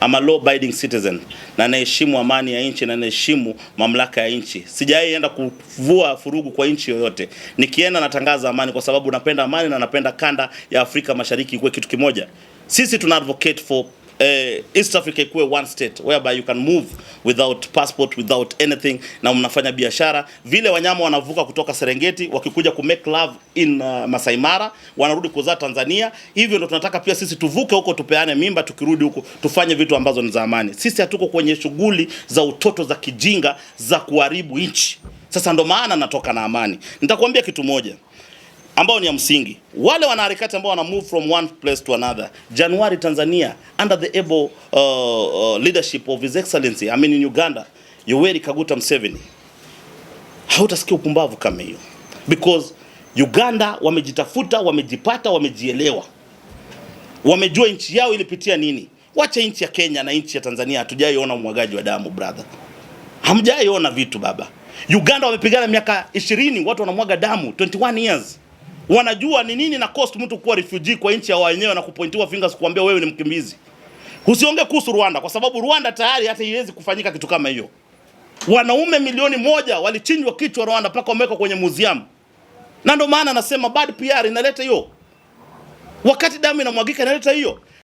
I'm a law abiding citizen na naheshimu amani ya nchi na naheshimu mamlaka ya nchi. Sijai enda kuvua furugu kwa nchi yoyote. Nikienda natangaza amani, kwa sababu napenda amani na napenda kanda ya Afrika Mashariki ikuwe kitu kimoja. Sisi tuna advocate for uh, East Africa ikuwe one state whereby you can move without passport without anything, na mnafanya biashara vile. Wanyama wanavuka kutoka Serengeti wakikuja ku make love in uh, Masai Mara wanarudi kuzaa Tanzania. Hivyo ndo tunataka pia sisi tuvuke huko, tupeane mimba, tukirudi huko tufanye vitu ambazo ni za amani. Sisi hatuko kwenye shughuli za utoto za kijinga za kuharibu nchi. Sasa ndo maana natoka na amani. nitakwambia kitu moja ambao ni ya msingi. Wale wanaharakati ambao wana move from one place to another. January Tanzania under the able uh, uh, leadership of His Excellency I mean in Uganda Yoweri Kaguta Museveni, hautasikia upumbavu kama hiyo because Uganda wamejitafuta, wamejipata, wamejielewa, wamejua nchi yao ilipitia nini. Wacha nchi ya Kenya na nchi ya Tanzania, hatujaiona umwagaji wa damu brother, hamjaiona vitu baba. Uganda wamepigana miaka 20, watu wanamwaga damu 21 years wanajua ni nini na cost mtu kuwa refugee kwa nchi ya wenyewe na kupointiwa fingers kuambia wewe ni mkimbizi. Usiongee kuhusu Rwanda kwa sababu Rwanda tayari hata iwezi kufanyika kitu kama hiyo. Wanaume milioni moja walichinjwa kichwa Rwanda mpaka wamewekwa kwenye museum. Na ndio maana nasema bad PR inaleta hiyo. Wakati damu inamwagika inaleta hiyo.